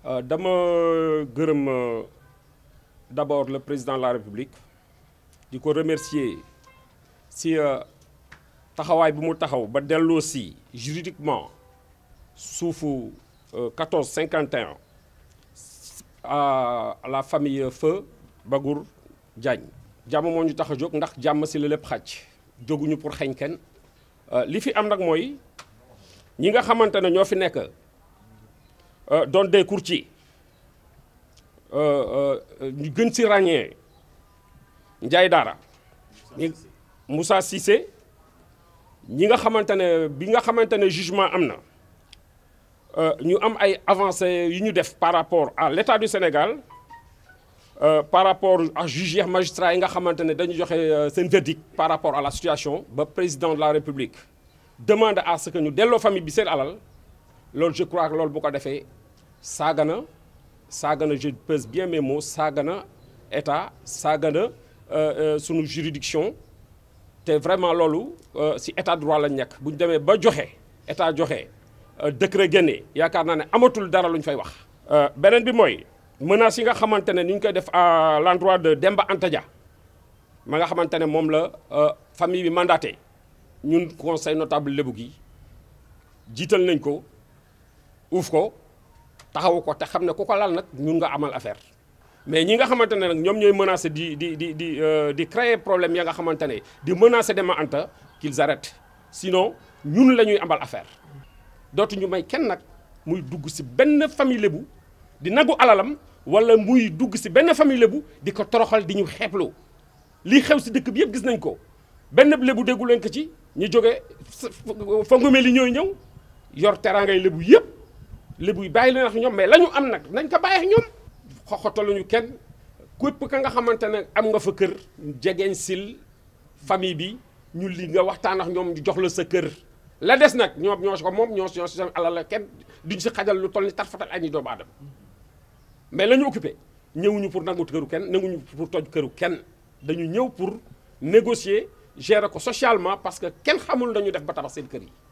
Euh, dama gërëm euh, d'abord le président de la République Du coup, remercier si euh, taxawaay bu mu taxaw ba delloo si juridiquement 14-51, à la famille Feu Bagour Djagne. jàmm moo ñu tax a jóg ndax jàmm si la lépp xaj jóguñu pour xeeñ kenn li fi am ñi nga euh, Don des courtiers euh, euh, ñu gën ci Ndiaye ni Moussa Cissé ñi nga xamante bi nga jugement amna ñu am ay avancées par rapport à l'état du Sénégal par rapport à juger magistrat, magistrat, yi nga dañu verdict par rapport à la situation ba président de la République demande à ce que ñu la famille bi alal lool je crois que lool bu ko defee Sagana, Sagana, je pèse bien mes mots État, Sagana, état euh, euh sous nos juridiction c'est vraiment euh, si état droit lañ nekk bu ñu ba joxe état joxe euh, décret génne yaakaar naa ne amatul dara lu ñu fay wax. Euh, beneen bi mooy menaces yi nga xamante ne ni ñu koy def à l'endroit de Demba Antadia, Dia ma nga xamante ne la famille bi mandaté ñun conseil notable de gi jiital nañ ko uuf ko. taxawu ko te xam ne ku ko lal nag ñun nga amal affaire mais ñi nga xamante ne nag ñoom ñooy menacer di di di di di créer problème ya nga xamante ne di menacer Demba Anta qu'ils arrêtent sinon ñun la ñuy amal affaire dootuñu may kenn nag muy dugg si benn famille Lébu di nagu alalam wala muy dugg si benn famille Lébu di ko toroxal di ñu xeeblu lii xew si dëkk bi yëpp gis nañ ko benn Lébu déggu leen ko ci ñu jóge fongume li ñooy ñëw yor teraangay Lébu yëpp lébu yi bàyyi leen ak ñoom mais la ñu am nag nañ ko bàyyi ak ñoom xoxotaluñu kenn képp ka nga xamante ne am nga fa kër jegeñ sil famille bi ñu li nga waxtaan ak ñoom ñu jox la sa kër la des nag ñoom ñoo si ko moom ñoo si ñoo si seen alal la kenn duñ si xajal lu toll ni tarfatal añi doomu aadama mais la ñu occupé ñëwuñu pour nangu këru kenn nanguñu pour toj këru kenn dañu ñëw pour négocier gérer ko socialement parce que kenn xamul nañu def ba tabax seen kër yi